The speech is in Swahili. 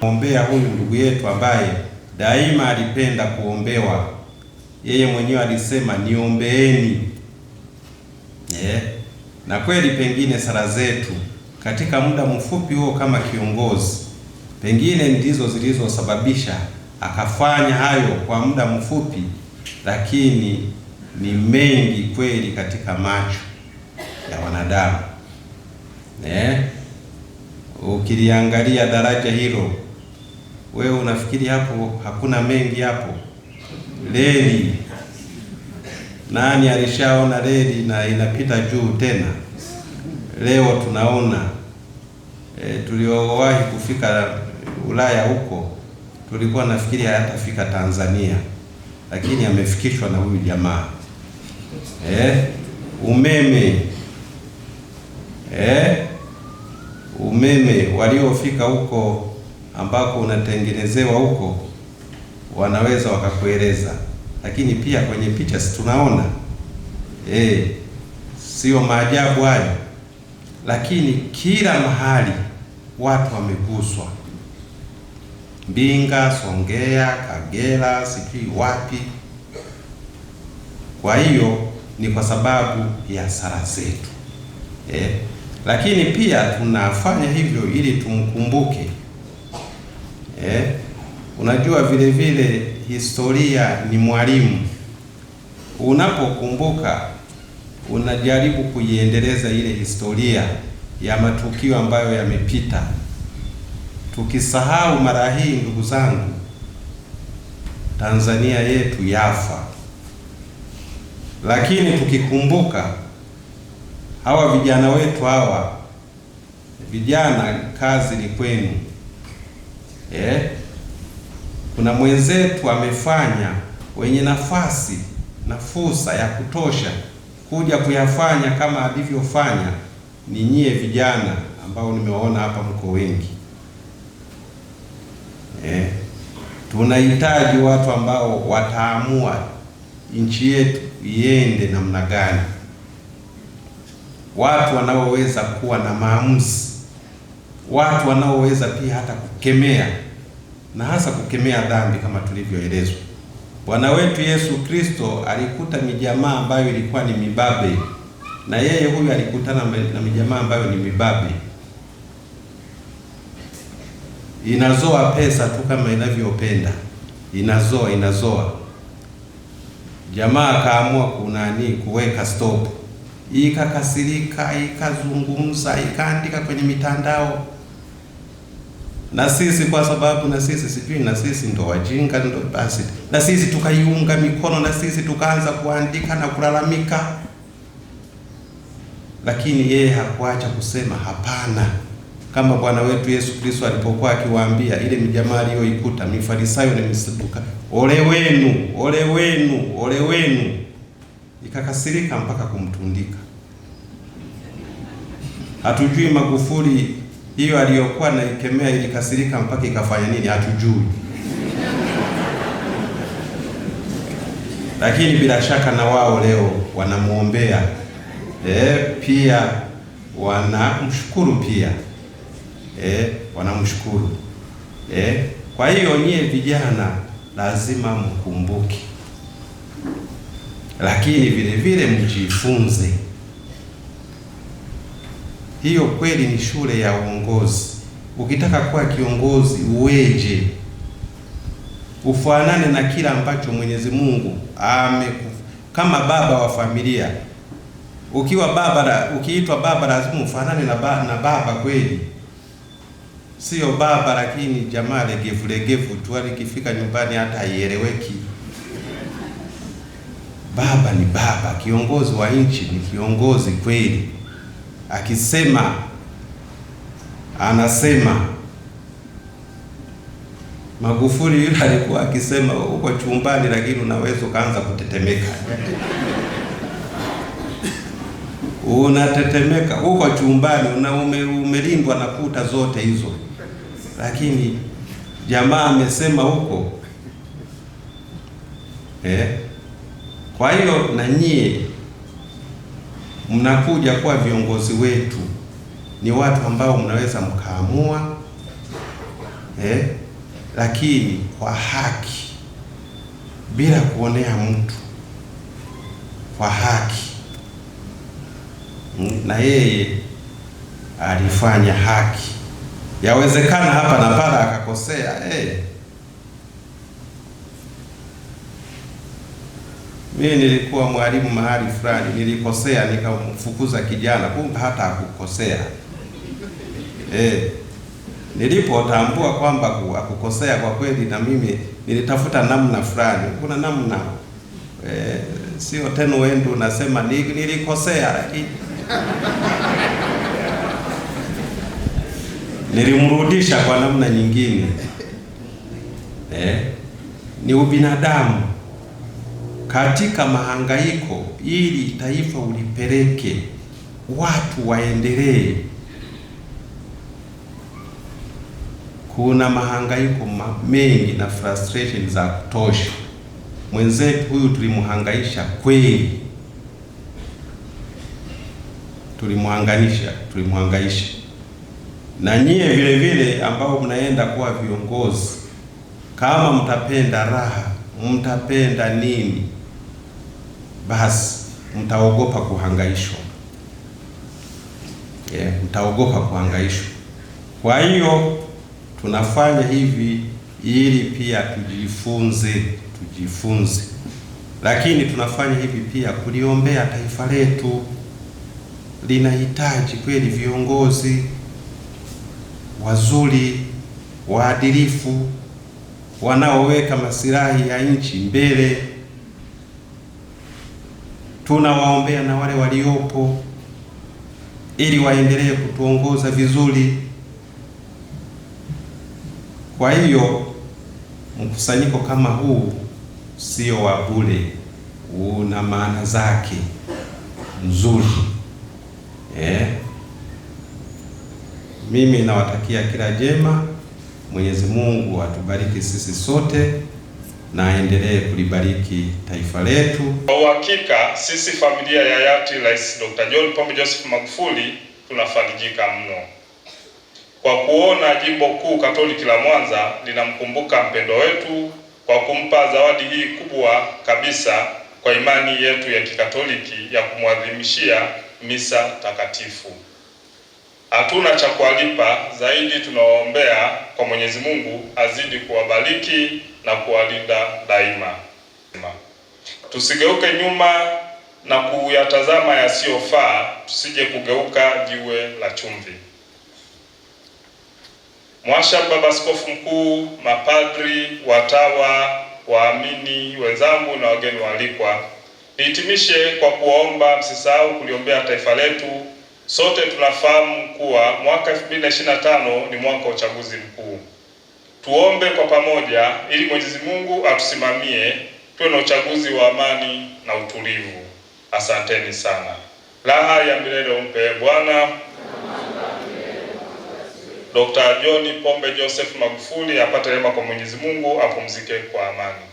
Ombea huyu ndugu yetu ambaye daima alipenda kuombewa. Yeye mwenyewe alisema niombeeni, yeah. Na kweli pengine sala zetu katika muda mfupi huo kama kiongozi pengine ndizo zilizosababisha akafanya hayo kwa muda mfupi lakini ni mengi kweli katika macho ya wanadamu eh? Ukiliangalia daraja hilo, wewe unafikiri hapo hakuna mengi hapo? Reli, nani alishaona reli na inapita juu tena? Leo tunaona e, tuliowahi kufika Ulaya huko tulikuwa nafikiri hayatafika Tanzania lakini amefikishwa na huyu jamaa eh, umeme eh, umeme waliofika huko ambako unatengenezewa huko wanaweza wakakueleza, lakini pia kwenye picha si tunaona eh, sio maajabu hayo, lakini kila mahali watu wameguswa. Mbinga, Songea, Kagera, sijui wapi. Kwa hiyo ni kwa sababu ya sala zetu eh. Lakini pia tunafanya hivyo ili tumkumbuke eh. Unajua vile vile historia ni mwalimu. Unapokumbuka unajaribu kuiendeleza ile historia ya matukio ambayo yamepita. Tukisahau mara hii, ndugu zangu, Tanzania yetu yafa, lakini tukikumbuka hawa vijana wetu hawa vijana, kazi ni kwenu eh? Kuna mwenzetu amefanya wenye nafasi na fursa ya kutosha kuja kuyafanya kama alivyofanya, ni nyie vijana ambao nimewaona hapa mko wengi eh. Tunahitaji watu ambao wataamua nchi yetu iende namna gani, watu wanaoweza kuwa na maamuzi, watu wanaoweza pia hata kukemea na hasa kukemea dhambi kama tulivyoelezwa. Bwana wetu Yesu Kristo alikuta mijamaa ambayo ilikuwa ni mibabe, na yeye huyu alikutana na mijamaa ambayo ni mibabe inazoa pesa tu kama inavyopenda, inazoa inazoa. Jamaa akaamua kunani kuweka stop, ikakasirika, ikazungumza, ikaandika kwenye mitandao na sisi kwa sababu na sisi sijui, na sisi ndo wajinga ndo basi, na sisi tukaiunga mikono, na sisi tukaanza kuandika na kulalamika, lakini yeye hakuacha kusema hapana kama Bwana wetu Yesu Kristo alipokuwa akiwaambia ile mjamaa aliyoikuta Mifarisayo na Misaduka, ole wenu, ole wenu, ole wenu, ikakasirika mpaka kumtundika. Hatujui Magufuli hiyo aliyokuwa naikemea ilikasirika mpaka ikafanya nini, hatujui lakini bila shaka na wao leo wanamwombea, eh, pia wanamshukuru pia eh, wanamshukuru eh. Kwa hiyo nyie vijana lazima mkumbuke, lakini vile vile mjifunze. Hiyo kweli ni shule ya uongozi. Ukitaka kuwa kiongozi uweje? Ufanane na kila ambacho Mwenyezi Mungu ame kama baba wa familia. Ukiwa baba, ukiitwa baba lazima ufanane na baba kweli sio baba, lakini jamaa legevu legevu tu, alikifika nyumbani hata haieleweki. Baba ni baba, kiongozi wa nchi ni kiongozi kweli, akisema anasema. Magufuli yule alikuwa akisema uko chumbani, lakini unaweza ukaanza kutetemeka unatetemeka, uko chumbani una umelindwa na kuta zote hizo lakini jamaa amesema huko eh. Kwa hiyo na nyie mnakuja kuwa viongozi wetu, ni watu ambao mnaweza mkaamua eh, lakini kwa haki, bila kuonea mtu, kwa haki. Na yeye alifanya haki. Yawezekana hapa na pale akakosea, hey. Eh. Mimi nilikuwa mwalimu mahali fulani, nilikosea nikamfukuza kijana, kumbe hata hakukosea. Eh, nilipotambua kwamba hakukosea kwa kweli, na mimi nilitafuta namna fulani, kuna namna eh, sio tena wendo unasema nilikosea lakini nilimrudisha kwa namna nyingine eh, ni ubinadamu katika mahangaiko, ili taifa ulipeleke watu waendelee. Kuna mahangaiko mengi na frustration za kutosha. Mwenzetu huyu tulimhangaisha kweli, tulimhangaisha tulimhangaisha na nyie vile vile ambao mnaenda kuwa viongozi, kama mtapenda raha, mtapenda nini, basi mtaogopa kuhangaishwa. Yeah, mtaogopa kuhangaishwa. Kwa hiyo tunafanya hivi ili pia tujifunze, tujifunze, lakini tunafanya hivi pia kuliombea taifa letu, linahitaji kweli viongozi wazuri, waadilifu, wanaoweka masilahi ya nchi mbele. Tunawaombea na wale waliopo ili waendelee kutuongoza vizuri. Kwa hiyo mkusanyiko kama huu sio wa bure, una maana zake nzuri eh. Mimi nawatakia kila jema. Mwenyezi Mungu atubariki sisi sote na aendelee kulibariki taifa letu. Kwa uhakika sisi familia ya hayati Rais Dr. John Pombe Joseph Magufuli tunafarijika mno kwa kuona Jimbo Kuu Katoliki la Mwanza linamkumbuka mpendo wetu kwa kumpa zawadi hii kubwa kabisa kwa imani yetu ya Kikatoliki ya kumwadhimishia misa takatifu hatuna cha kuwalipa zaidi, tunawaombea kwa Mwenyezi Mungu azidi kuwabariki na kuwalinda daima. Tusigeuke nyuma na kuyatazama yasiyofaa, tusije kugeuka jiwe la chumvi. Mwasha, Baba Askofu Mkuu, mapadri, watawa, waamini wenzangu na wageni waalikwa, nihitimishe kwa kuwaomba msisahau kuliombea taifa letu Sote tunafahamu kuwa mwaka 2025 ni mwaka wa uchaguzi mkuu. Tuombe kwa pamoja ili Mwenyezi Mungu atusimamie tuwe na uchaguzi wa amani na utulivu. Asanteni sana. Raha ya milele umpe Bwana Dr. John Pombe Joseph Magufuli apate rehema kwa Mwenyezi Mungu, apumzike kwa amani.